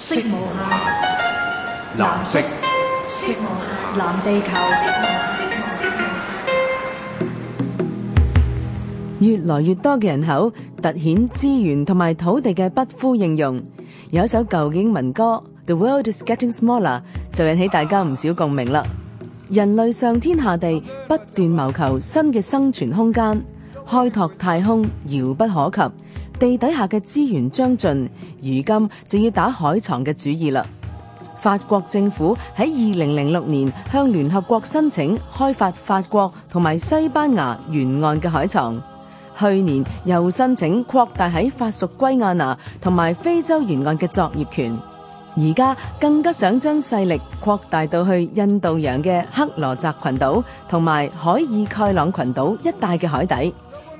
色限，藍色，藍，色色藍地球。越來越多嘅人口凸顯資源同埋土地嘅不敷應用。有一首舊英文歌《The World Is Getting Smaller》就引起大家唔少共鳴啦。人類上天下地不斷謀求新嘅生存空間，開拓太空遙不可及。地底下嘅資源將盡，如今就要打海藏嘅主意啦。法國政府喺二零零六年向聯合國申請開發法國同埋西班牙沿岸嘅海藏，去年又申請擴大喺法屬圭亞那同埋非洲沿岸嘅作業權，而家更加想將勢力擴大到去印度洋嘅克羅澤群島同埋海爾蓋朗群島一帶嘅海底。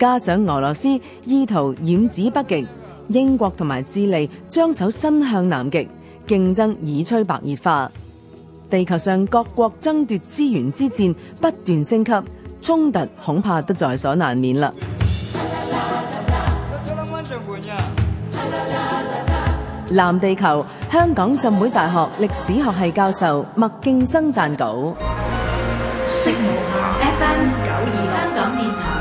加上俄羅斯意圖染指北極，英國同埋智利將手伸向南極，競爭已趨白熱化。地球上各國爭奪資源之戰不斷升級，衝突恐怕都在所難免了啦，啦。藍地球，香港浸會大學歷史學系教授麥勁生撰稿。